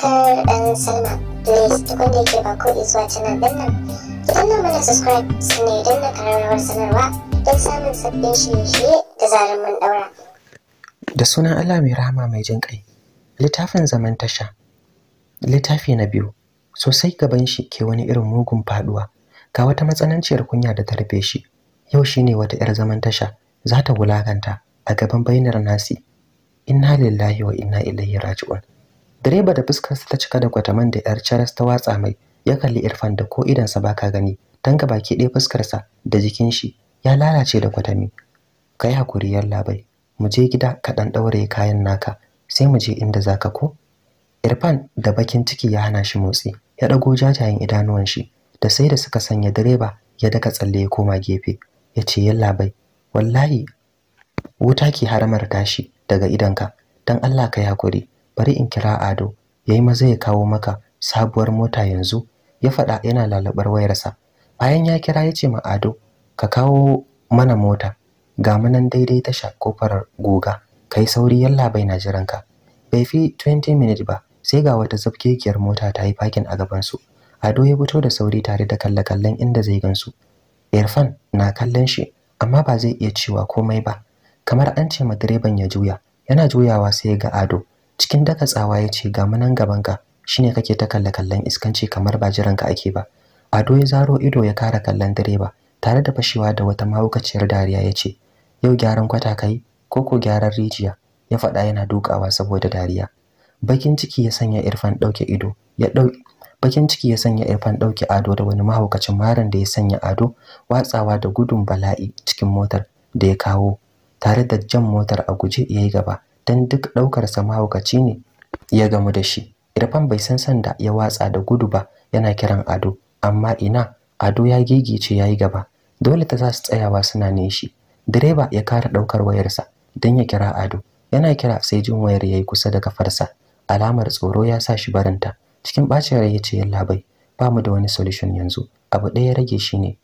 subscribe and sign up. Please da subscribe sanarwa don samun sabbin da sunan Allah mai rahama mai jin kai. Littafin zaman tasha. Littafi na biyu. Sosai gaban shi ke wani irin mugun faɗuwa, Ga wata matsananciyar kunya da ta shi. Yau shi ne wata 'yar zaman tasha za ta wulakanta a gaban bainar nasi. Inna lillahi wa inna ilaihi raji'un. direba da fuskarsa ta cika da gwataman da yar charas ta watsa mai ya kalli irfan da ko idansa baka gani dan ga baki ɗaya fuskarsa da jikin shi ya lalace da kwatami kai hakuri yalla bai mu je gida ka dan daure kayan naka sai mu je inda zaka ko irfan da bakin ciki ya hana shi motsi ya ɗago jajayen idanuwan shi da sai da suka sanya direba ya daka tsalle ya koma gefe ya ce yalla bai wallahi wuta ke haramar tashi daga idanka don Allah ka yi hakuri bari in kira Ado yayi maza ya kawo maka sabuwar mota yanzu ya faɗa yana lalabar wayarsa bayan ya kira ya ce ma Ado ka kawo mana mota ga nan daidai tasha kofar goga kai sauri yalla bai na jiranka bai fi 20 minutes ba sai ga wata zafkekiyar mota ta yi parking a gaban su Ado ya fito da sauri tare da kalle-kallen inda zai gansu Irfan na kallon shi amma ba zai iya cewa komai ba kamar an ce ma direban ya juya yana juyawa sai ga Ado cikin daga tsawa ya ce ga munan gabanka shine kake ta kalle kallon iskanci kamar ba jiranka ake ba ado ya zaro ido ya kara kallon direba tare da fashewa da wata mahaukaciyar dariya ya ce yau gyaran kwata kai ko ko gyaran rijiya ya faɗa yana dukawa saboda dariya bakin ciki ya sanya irfan ɗauke ido ya bakin ciki ya sanya irfan ɗauke ado da wani mahaukacin maran da ya sanya ado watsawa da gudun bala'i cikin motar da ya kawo tare da jan motar a guje ya yi gaba dan duk ɗaukarsa mahaukaci ne ya gamu da shi irfan bai san sanda ya watsa da gudu ba yana kiran ado amma ina ado ya gigice ya yi gaba dole ta za su tsayawa suna neshi. direba ya kara ɗaukar wayarsa don ya kira ado yana kira sai jin wayar ya yi kusa da sa alamar tsoro ya sa shi barinta cikin ɓacin rai ya ce bai ba mu da wani solution yanzu abu ɗaya rage shi ne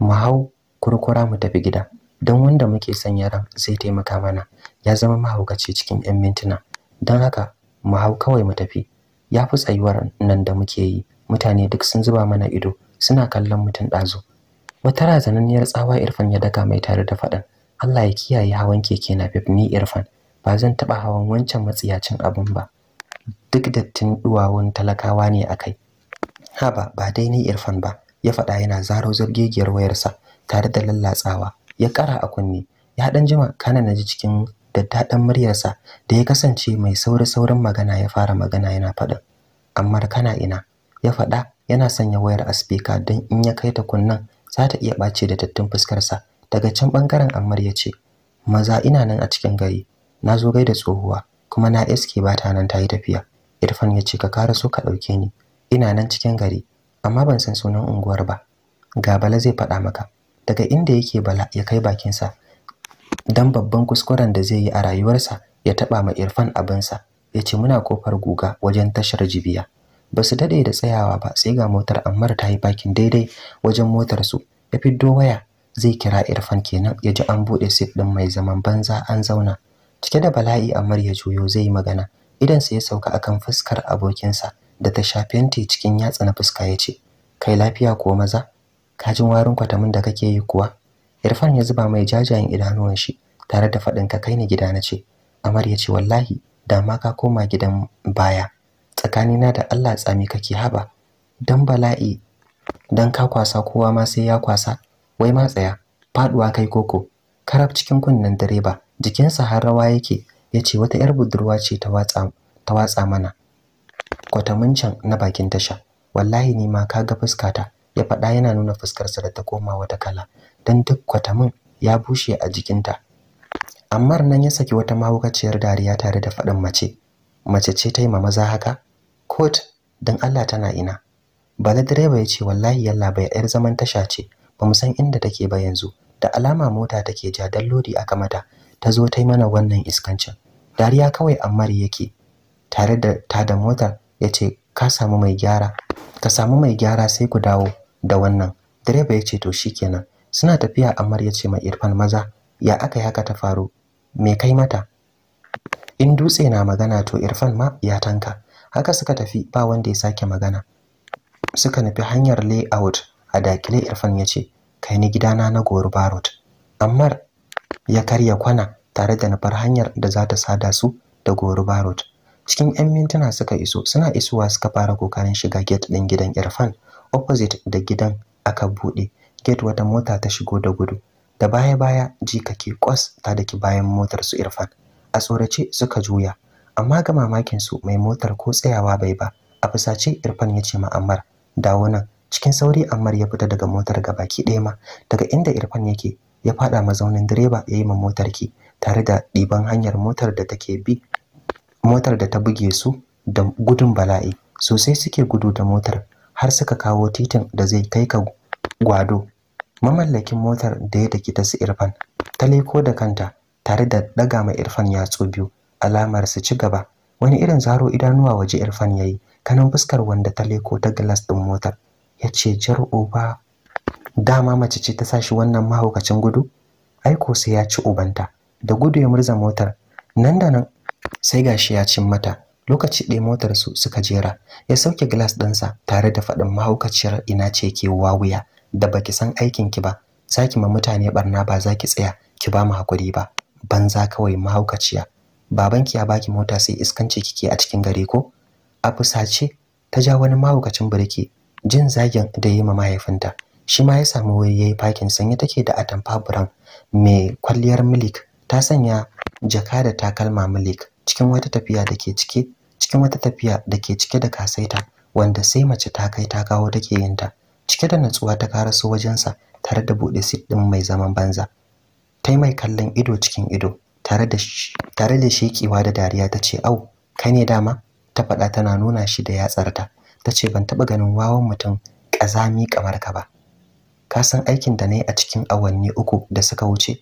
mu hau kurkura mu tafi gida don wanda muke son yaran zai taimaka mana ya zama mahaukaci cikin 'yan mintuna don haka mu hau kawai mu tafi ya fi tsayuwar nan da muke yi mutane duk sun zuba mana ido suna kallon mutum ɗazu wata razananniyar tsawa irfan ya daka mai tare da faɗan allah ya kiyaye hawan keke na ni irfan ba zan taɓa hawan wancan matsiyacin abin ba duk dattin duwawun talakawa ne a kai haba ba dai ni irfan ba ya faɗa yana zaro zargegiyar wayarsa tare da lallatsawa ya ƙara a kunne ya ɗan jima kana na ji cikin da daddaɗan muryarsa da ya kasance mai sauri-saurin magana ya fara magana yana faɗin amma kana ina ya faɗa yana sanya wayar a speaker don in ya kai ta kunnan za ta iya ɓace da tattun fuskarsa daga can ɓangaren ammar ya ce maza ina nan a cikin gari na zo gai da tsohuwa kuma na iske ba ta nan ta yi tafiya irfan ya ce ka kara so ka ɗauke ni ina nan cikin gari amma ban san sunan unguwar ba ga bala zai faɗa maka daga inda yake bala ya kai bakinsa dan babban kuskuren da zai yi a rayuwarsa ya taba ma Irfan abinsa ce muna kofar guga wajen tashar Jibiya basu dade da tsayawa ba sai ga motar Ammar ta yi bakin daidai wajen motar su ya fiddo waya zai kira Irfan kenan ya ji an bude seat din mai zaman banza an zauna cike da bala'i Ammar ya juyo zai magana idan sa ya sauka akan fuskar abokinsa da ta shafenti cikin yatsa na fuska yace kai lafiya ko maza kajin warin kwatamin da kake yi kuwa Irfan ya zuba mai jajayen idanuwan shi tare da faɗin ka kai ni gida na ce. Amar ya ce wallahi da ma ka koma gidan baya. Tsakani na da Allah tsami kake haba. Dan bala'i dan ka kwasa kowa ma sai ya kwasa. Wai ma tsaya faduwa kai koko. Karab cikin kunnen direba jikinsa har rawa yake ya ce wata 'yar budurwa ce ta watsa ta watsa mana. Kwatamin can na bakin tasha. Wallahi ni ma ka ga fuskata ya faɗa yana nuna fuskarsa da ta koma wata kala don duk kwatamin ya bushe a jikinta ammar nan ya saki wata mahaukaciyar dariya tare da faɗin mace mace ce ta yi ma maza haka kot don allah tana ina bala direba ya ce wallahi yalla bai yar zaman tasha ce ba mu san inda take ba yanzu da alama mota take ja dan lodi aka mata ta zo ta yi mana wannan iskancin dariya kawai ammar yake tare da ta da motar ya ce ka samu mai gyara ka samu mai gyara sai ku dawo da wannan direba ya ce to shikenan suna tafiya Ammar ya ce ma Irfan maza ya aka haka ta faru me kai mata in dutse na magana to Irfan ma ya tanka haka suka tafi ba wanda ya sake magana suka nufi hanyar layout a dakile Irfan ya ce kai ni gidana na Gori Barot Ammar ya karya kwana tare da nufar hanyar da za ta sada su da Gori Barot cikin 'yan mintuna suka iso suna isowa suka fara kokarin shiga gate ɗin gidan Irfan opposite da gidan aka buɗe gate wata mota ta shigo da gudu da baya baya ji kake kwas ta daki bayan motar su Irfan a tsorace suka juya amma ga mamakin su mai motar ko tsayawa bai ba a fusace Irfan ya ce ma Ammar dawo nan cikin sauri Ammar ya fita daga motar gabaki ɗaya ma daga inda Irfan yake ya fada mazaunin direba ya yi ma motar ki tare da ɗiban hanyar motar da take bi motar da ta buge su da gudun bala'i sosai suke gudu da motar har suka kawo titin da zai kai ka gwado mamallakin motar da ya daki ta su Irfan ta leko da kanta tare da daga mai Irfan yatsu biyu alamar su ci gaba wani irin zaro idanuwa waje Irfan yayi kanan fuskar wanda ta leko ta glass din motar yace jar uba dama mace ce ta sashi wannan mahaukacin gudu aiko sai ya ci ubanta da gudu ya murza motar nan da nan sai gashi ya cin mata lokaci ɗaya motar su suka jera ya sauke glass ɗinsa tare da faɗin mahaukaciyar ina ce ke wawuya da baki san aikin ki ba zaki ma mutane barna ba zaki tsaya ki ba mu hakuri ba banza kawai mahaukaciya babanki ya baki mota sai iskance kike a cikin gare ko a fusace ta ja wani mahaukacin birki jin zagin da yi ma mahaifinta shi ma ya samu wuri yayi fakin sanye take da atamfa brown mai kwalliyar milik ta sanya jaka da takalma milik cikin wata tafiya da ke cike cikin wata tafiya da ke cike da kasaita wanda sai mace ta kai ta kawo take yin ta cike da natsuwa ta karaso wajensa tare da buɗe sit ɗin mai zaman banza ta mai kallon ido cikin ido tare da tare da shekewa da dariya tace au kai ne dama ta faɗa tana nuna shi da yatsarta ta ce ban taɓa ganin wawan mutum kazami kamar ka ba ka san aikin da na a cikin awanni uku da suka wuce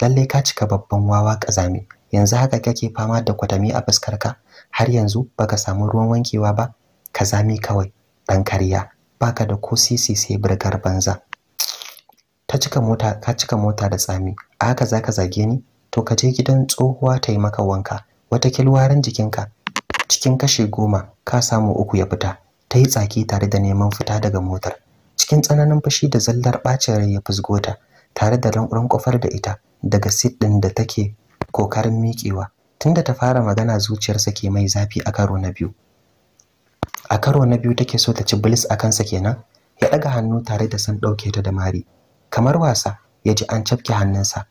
lalle ka cika babban wawa kazami yanzu haka kake fama da kwatami a fuskarka har yanzu baka samu ruwan wankewa ba kazami kawai ɗan kariya. baka da ko sisi sai burgar banza ta cika mota ka cika mota da tsami a haka zaka zage ni to ka je gidan tsohuwa ta yi maka wanka wata kilwaran jikinka cikin kashe goma ka samu uku ya fita ta yi tsaki tare da neman fita daga motar cikin tsananin fushi da zallar bacin rai ya ta tare da rankuran kofar da ita daga sit ɗin da take kokarin miƙewa tunda ta fara magana zuciyarsa ke mai zafi a karo na biyu a karo na biyu take so ta ci bilis a kansa kenan ya daga hannu tare da san dauke ta da mari kamar wasa ya ji an cafke hannunsa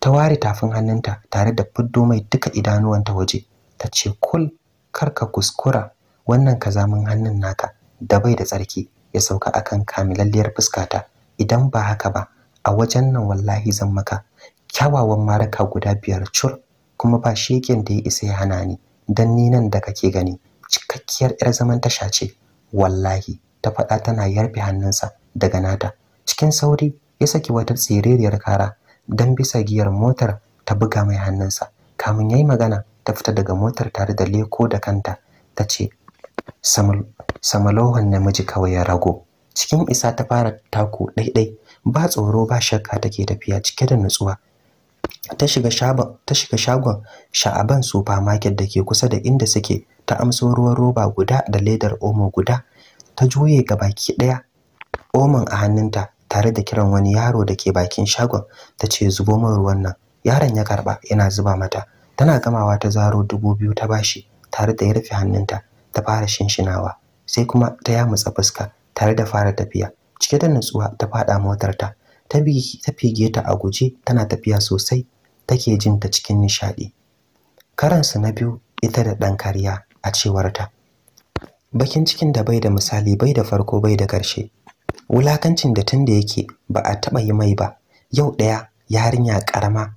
ta ware tafin hannunta tare da fuddo mai duka idanuwanta waje ta ce kul kar ka kuskura wannan kazamin hannun naka da bai da tsarki ya sauka akan kamilalliyar fuskata idan ba haka ba a wajen nan wallahi zan maka kyawawan maraka guda biyar cur kuma ba shekin da ya isa ya hana ni dan ni nan da kake gani cikakkiyar 'yar zaman tasha ce wallahi ta faɗa tana yarfe hannunsa daga nata cikin sauri ya saki wata tsiririyar kara don bisa giyar motar ta buga mai hannunsa kamun ya magana ta fita daga motar tare da leko da kanta ta ce samalohon namiji kawai ya rago cikin isa ta fara tako ɗaiɗai ba tsoro ba shakka take tafiya cike da nutsuwa ta shiga shagon ta shiga shagon Sha'aban supermarket da ke kusa da inda suke ta amso ruwan roba guda da ledar omo guda ta juye ga baki daya omon a hannunta tare da kiran wani yaro da ke bakin shagon ta ce zubo min ruwan nan yaron ya karba yana zuba mata tana gamawa ta zaro dubu biyu ta bashi tare da ya rufe hannunta ta fara shinshinawa sai kuma ta yamutsa fuska tare da fara tafiya cike da nutsuwa ta fada motar ta ta fige ta a guje tana tafiya sosai take jin ta cikin nishaɗi karansu na biyu ita da ɗan kariya a cewarta bakin cikin da bai da misali bai da farko bai da karshe wulakancin da tunda da yake ba a taɓa yi mai ba yau ɗaya yarinya karama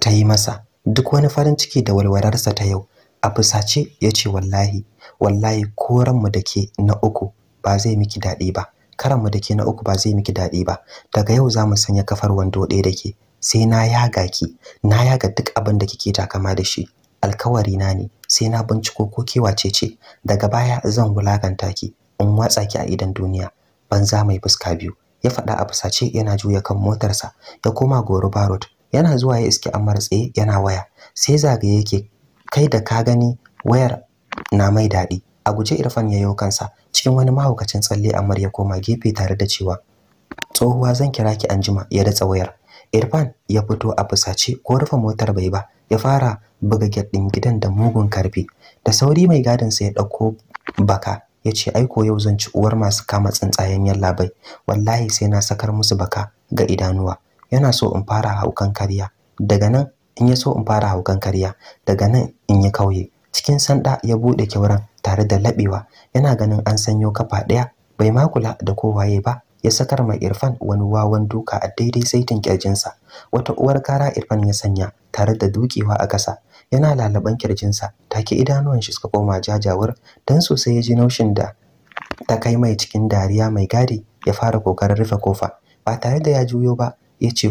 ta yi masa duk wani farin ciki da walwalarsa ta yau a fusace ya ce wallahi wallahi koranmu da ke na uku ba zai miki daɗi ba karan mu ke na uku ba zai miki daɗi ba daga yau za mu sanya kafar wando ɗaya da ke sai na yaga ki na yaga duk abin da kike takama da shi alkawari na ne sai na binciko ko ke wace ce daga baya zan wulakanta ki in watsa ki a idan duniya banza mai fuska biyu ya faɗa a fusace yana juya kan motarsa ya koma goro barot yana zuwa ya iske amar tsaye yana waya sai zagaye yake kai da ka gani wayar na mai daɗi a guje irfan yayo kansa cikin wani mahaukacin tsalle Amar ya koma gefe tare da cewa tsohuwa zan kira ki anjima ya da wayar Irfan ya fito a fusace ko rufe motar bai ba ya fara buga gate din gidan da mugun karfi da sauri mai gadin sa ya dauko baka ya ce aiko yau zan ci uwar masu kama tsuntsayen yallabai wallahi sai na sakar musu baka ga idanuwa yana so in fara haukan kariya daga nan in ya so in fara haukan kariya daga nan in ya kauye cikin sanda ya bude kyauran tare da labewa yana ganin an sanyo kafa ɗaya bai ma kula da kowaye ba ya sakar mai Irfan wani wawan duka a daidai saitin kirjinsa wata uwar kara Irfan ya sanya tare da dukewa a ƙasa yana lalaban kirjinsa take idanuwan shi suka koma jajawar dan sosai ya ji naushin da ta kai mai cikin dariya mai gadi ya fara kokarin rufe kofa ba tare da ya juyo ba ya ce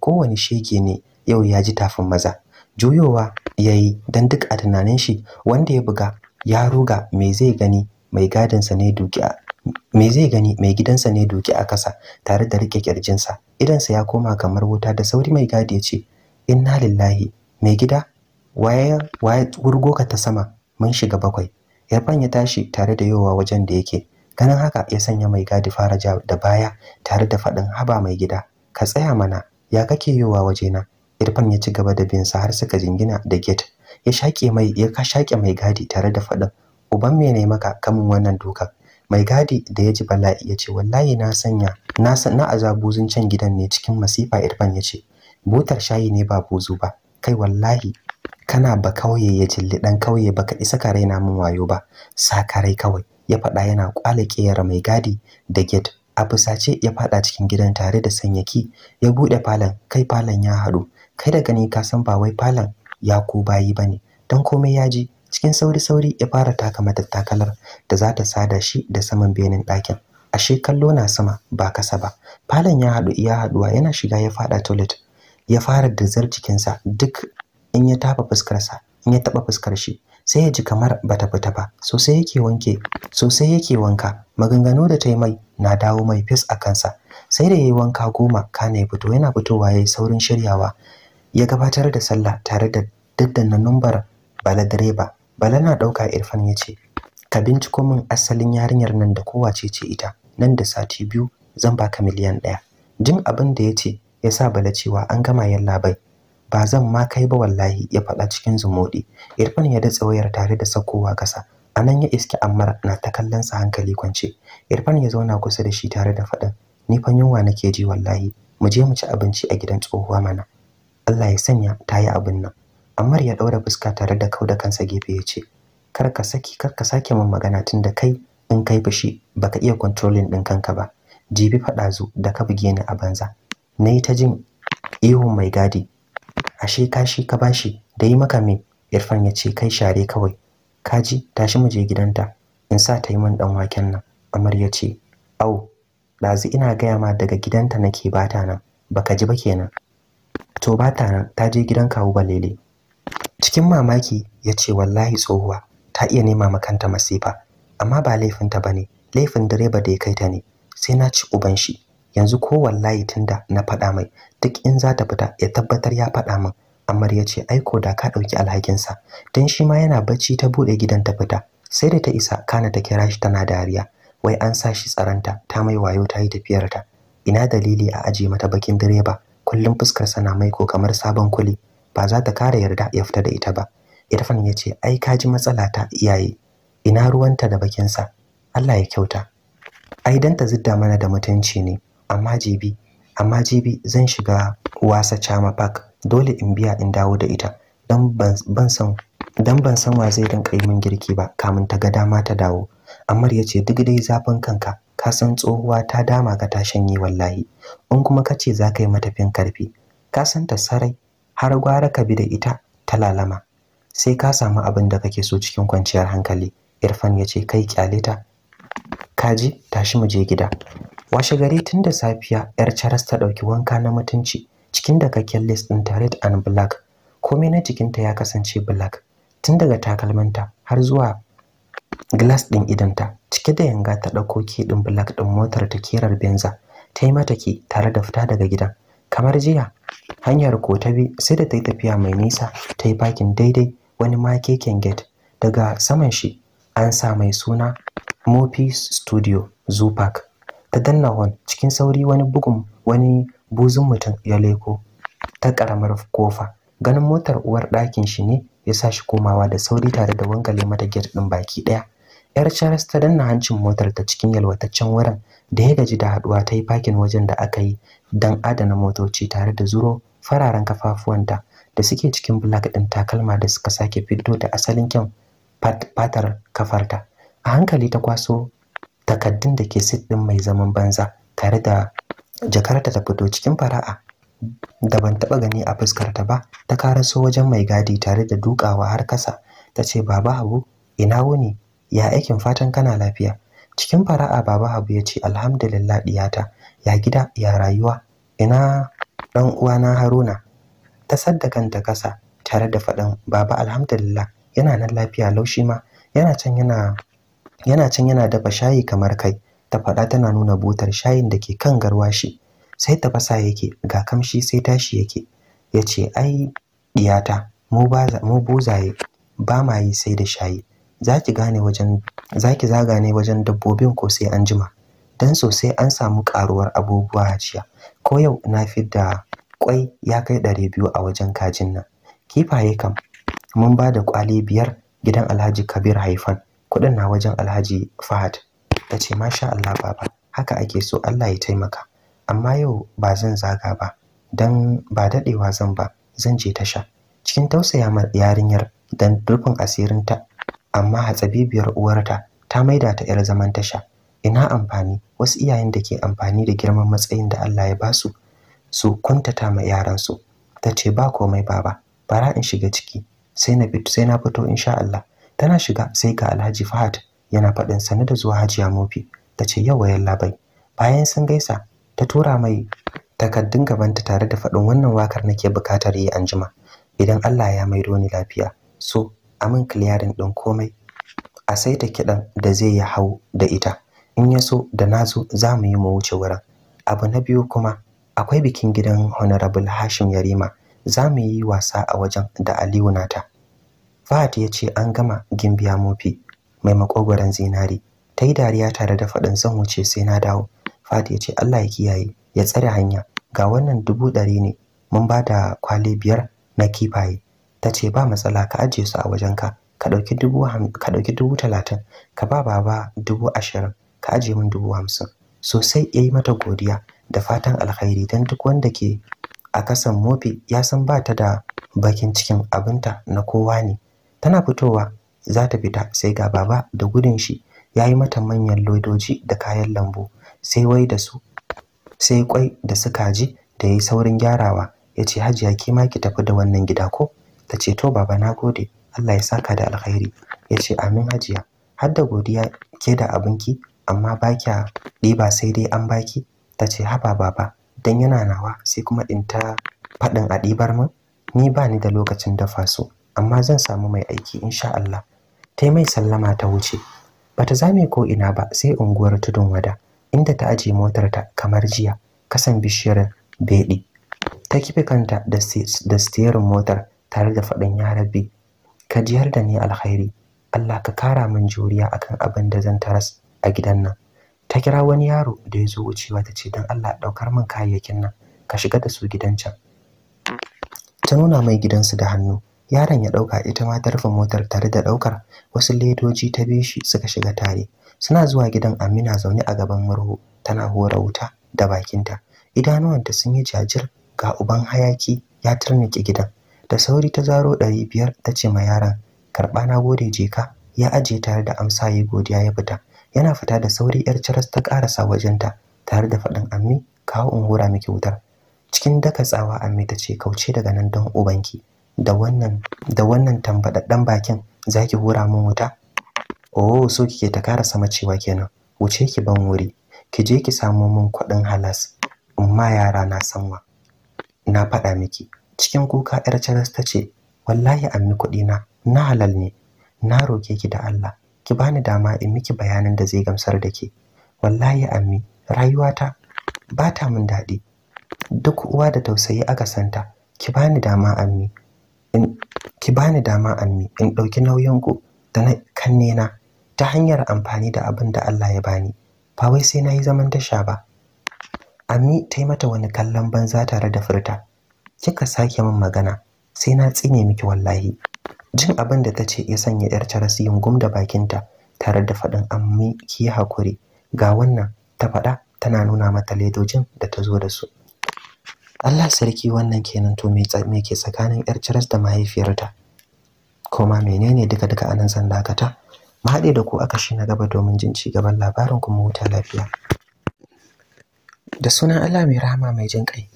kowane shege ne yau ya ji tafin maza juyowa ya yi don duk a tunanin shi wanda ya buga ya ruga me zai gani mai gadinsa ne duki a me zai gani mai gidansa ne duki a kasa tare da rike kirjinsa idansa ya koma kamar wuta da sauri mai gadi ya ce inna lillahi mai gida waya waye wurgo ka ta sama mun shiga bakwai yarfan ya tashi tare da yowa wajen da yake ganin haka ya sanya mai gadi fara ja da baya tare da faɗin haba mai gida ka tsaya mana ya kake yowa wajena irfan ya ci gaba da bin sa har suka jingina da gate ya shake mai ya ka shake mai gadi tare da faɗin uban me ne maka kamun wannan dukan mai gadi da ya ji bala'i ya ce wallahi na sanya na na azabuzun can gidan ne cikin masifa irfan ya ce butar shayi ne ba buzu ba kai wallahi kana ba kauye ya jilli dan kauye baka isa ka raina min wayo ba sa rai kawai ya faɗa yana kwala ƙeyar mai gadi da get. a fusace ya faɗa cikin gidan tare da sanyaki ya buɗe falon kai falon ya haɗu kai da gani ka san ba wai falon ya ko bayi bane dan komai ya ji cikin sauri-sauri ya fara taka mata takalar da za ta sada shi da saman benin ɗakin ashe kallo na sama ba kasa ba falon ya haɗu iya haɗuwa yana shiga ya faɗa toilet ya fara dirzar cikinsa duk in ya taɓa fuskarsa in ya taɓa fuskar shi sai ya ji kamar bata fita ba sosai yake wanke sosai yake wanka maganganu da ta yi mai na dawo mai fes a kansa sai da ya yi wanka goma kana ya fito yana fitowa ya yi saurin shiryawa ya gabatar da sallah tare da daddana numbar bala direba bala na ɗauka irfan ya ce ka binciko min asalin yarinyar nan da kowace ce ita nan da sati biyu zan baka miliyan ɗaya jin abin da ya ce ya sa bala cewa an gama yalla bai ba zan ma kai ba wallahi ya faɗa cikin zumuɗi irfan ya datse wayar tare da sakowa kasa. a nan ya iske ammar na ta kallon sa hankali kwance irfan ya zauna kusa da shi tare da faɗin ni fa yunwa nake ji wallahi mu je mu ci abinci a gidan tsohuwa mana Allah ya sanya ta yi abin nan Ammar ya ɗaura fuska tare da kau da kansa gefe ya ce kar ka saki kar ka sake min magana tun da kai in kai fushi baka iya controlling ɗin kanka ba jibi faɗa zu da ka buge ni a banza na yi ta jin ihun mai gadi ashe shi ka bashi da yi maka me irfan ya ce kai share kawai kaji tashi mu je gidanta in sa ta yi min ɗan waken nan amar ya ce au ɗazu ina gaya ma daga gidanta nake bata nan baka ji ba kenan to ba ta nan ta je gidan kawu balele cikin mamaki ya ce wallahi tsohuwa ta iya nema makanta masifa amma ba laifinta ba ne laifin direba da ya kai ta ne sai na ci uban shi yanzu ko wallahi tunda na faɗa mai duk in za ta fita ya tabbatar ya faɗa min Amar ya ce aiko da ka ɗauki alhakinsa don shi ma yana bacci ta buɗe gidan ta fita sai da ta isa kana ta kira shi tana dariya wai an sa shi tsaranta ta mai wayo ta yi tafiyarta ina dalili a aje mata bakin direba kullum fuskarsa na maiko kamar sabon kuli ba za ta kare yarda ya fita da ita ba irfan ya ce ai ka ji matsala ta iyaye ina ruwanta da bakin sa allah ya kyauta ai dan ta zidda mana da mutunci ne amma jibi amma jibi zan shiga wasa chama park dole in biya in dawo da ita dan ban san dan ban san wa zai rinka yi min girki ba kamun ta ga dama ta dawo amma ya ce duk dai zafin kanka ka san tsohuwa ta dama ka ta shanye wallahi in kuma ka ce za ka yi matafin karfi ka san ta sarai har gwara ka bi da ita ta lalama sai ka samu abin da kake so cikin kwanciyar hankali irfan ya ce kai kyale ta kaji tashi mu je gida washe gari tun da safiya yar charas ta ɗauki wanka na mutunci cikin da kakken list din ta red and black komai na jikinta ya kasance black tun daga takalmanta har zuwa glass din idanta cike da yanga ta dauko ki din black din motar ta kirar benza ta yi mata ki tare da fita daga gidan kamar jiya hanyar ko ta bi sai da ta yi tafiya mai nisa ta yi bakin daidai wani makeken gate daga saman shi an sa mai suna mopi studio zupak ta danna hon cikin sauri wani bugun wani buzun mutum ya leko ta karamar kofa ganin motar uwar ɗakin shi ne ya sa shi komawa da sauri tare da wangale mata gate ɗin baki ɗaya yar charles ta danna hancin motar ta cikin yalwataccen wurin da ya gaji da haɗuwa ta yi fakin wajen da aka yi dan adana motoci tare da zuro fararen kafafuwanta da suke cikin black din takalma da suka sake fito da asalin kyan fatar kafarta a hankali ta kwaso takaddun da ke sit ɗin mai zaman banza tare da jakarta ta fito cikin fara'a da ban taɓa gani a fuskarta ba ta karaso wajen mai gadi tare da dukawa har kasa ta ce baba habu ina wuni ya aikin fatan kana lafiya cikin fara'a baba habu ya ce alhamdulillah diyata ya gida ya rayuwa ina dan uwana haruna ta sadda kanta kasa tare da faɗin baba alhamdulillah yana nan lafiya laushi ma yana can yana yana can yana dafa shayi kamar kai ta faɗa tana nuna butar shayin da ke kan garwashi sai tafasa yake ga kamshi sai tashi yake ya ce ai diyata mu buzaye ba ma yi sai da shayi za ki wajen zaga ne wajen dabbobin ko sai an jima dan sosai an samu karuwar abubuwa haciya ko yau na da kwai ya kai ɗari biyu a wajen kajin nan kifaye kam mun ba da kwali biyar gidan alhaji kabir haifan kuɗin na wajen alhaji fahad ta ce masha allah baba haka ake so allah ya taimaka amma yau ba zan zaga ba don ba daɗewa zan ba zan je tasha cikin tausaya ma yarinyar don rufin asirinta amma hatsabibiyar uwarta ta maida ta 'yar zaman tasha ina amfani wasu iyayen da ke amfani da girman matsayin da Allah ya basu su kuntata ma yaransu ta ce ba komai baba bara in shiga ciki sai na fito sai na fito insha Allah tana shiga sai ga Alhaji Fahad yana faɗin sane da zuwa Hajiya Mofi ta ce yau yalla bai bayan sun gaisa ta tura mai takaddun gabanta tare da faɗin wannan wakar nake buƙatar yi anjima idan Allah ya maido ni lafiya so amin clearing din komai a saita kiɗan da zai ya hau da ita in ya so da na zo za mu yi mu wuce wurin abu na biyu kuma akwai bikin gidan honorable hashim yarima za mu yi wasa a wajen da aliyu nata fahad ya ce an gama gimbiya mofi mai makogoran zinari ta yi dariya tare da faɗin zan wuce sai na dawo Fati ya ce Allah ya kiyaye ya tsare hanya ga wannan dubu ɗari ne mun ba da kwali biyar na kifaye ta ce ba matsala ka ajiye su a wajenka ka ɗauki dubu ka ɗauki dubu talatin ka ba baba dubu ashirin ka ajiye min dubu hamsin sosai ya yi mata godiya da fatan alkhairi don duk wanda ke a kasan mofi ya san ba ta da bakin cikin abinta na kowa ne tana fitowa za ta fita sai ga baba da gudun shi ya yi mata manyan lodoji da kayan lambu sai wai da su sai kwai da suka ji da yayi saurin gyarawa ya ce hajiya ke ma ki tafi da wannan gida ko ta ce to baba na gode Allah ya saka da alkhairi ya ce amin hajiya har da godiya ke da abinki amma ba kya ɗiba sai dai an baki ta ce haba baba dan yana nawa sai kuma in ta faɗin a ɗibar min ni ba ni da lokacin dafa su amma zan samu mai aiki insha Allah ta mai sallama ta wuce bata zame ko ina ba sai unguwar tudun wada inda ta ajiye motarta kamar jiya kasan bishiyar beɗi ta kife kanta da steering motar tare da faɗin ya rabbi ka jiyar da ni alkhairi Allah ka kara min juriya akan abin da zan taras a gidan nan ta kira wani yaro da ya zo wucewa ta ce don Allah ɗaukar min kayayyakin nan ka shiga da su gidan can ta nuna mai gidansu da hannu yaron ya dauka ita ma ta motar tare da daukar wasu ledoji ta bishi suka shiga tare suna zuwa gidan Amina zaune a gaban murhu tana hora wuta da bakinta idanuwanta sun yi jajir ga uban hayaki ya turnike gidan da sauri ta zaro 500 ta ce ma yaron karba na gode je ka ya aje tare da amsa yi godiya ya fita yana fita da sauri yar charas ta karasa wajenta tare da faɗin ammi kawo in hura miki wutar cikin dakatsawa ammi ta ce kauce daga nan don ubanki da wannan da wannan tambadaddan bakin zaki hura mun wuta oh so kike ta sama cewa kenan wuce ki ban wuri ki je ki samo mun kuɗin halas amma yara na sanwa na faɗa miki cikin kuka yar charas ta ce wallahi ammi kuɗi na na halal ne na roke ki da Allah ki bani dama in miki bayanin da zai gamsar da ke wallahi ammi rayuwata ba ta min daɗi duk uwa da tausayi aka santa ki bani dama ammi in ki bani dama ammi in ɗauki nauyin ku da na kanne na ta hanyar amfani da abin da Allah ya bani ba wai sai na yi zaman tasha ba ammi ta yi mata wani kallon banza tare da furta kika sake min magana sai na tsine miki wallahi jin abin da ta ce ya sanya yar carasi yungum da bakinta tare da faɗin ammi ki hakuri ga wannan ta faɗa tana nuna mata ledojin da ta zo da su Allah sarki wannan kenan to me ke tsakanin yar ciras da mahaifiyarta kuma menene duka duka anan zan dakata mu haɗe da ku aka shi na gaba domin jin ci gaban labarin kuma huta lafiya da sunan Allah mai rahama mai jin kai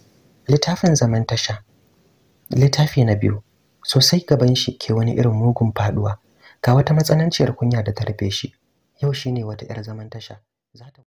littafin zaman tasha littafi na biyu sosai gaban shi ke wani irin mugun faduwa ga wata matsananciyar kunya da tarbe shi yau shine wata 'yar zaman tasha za ta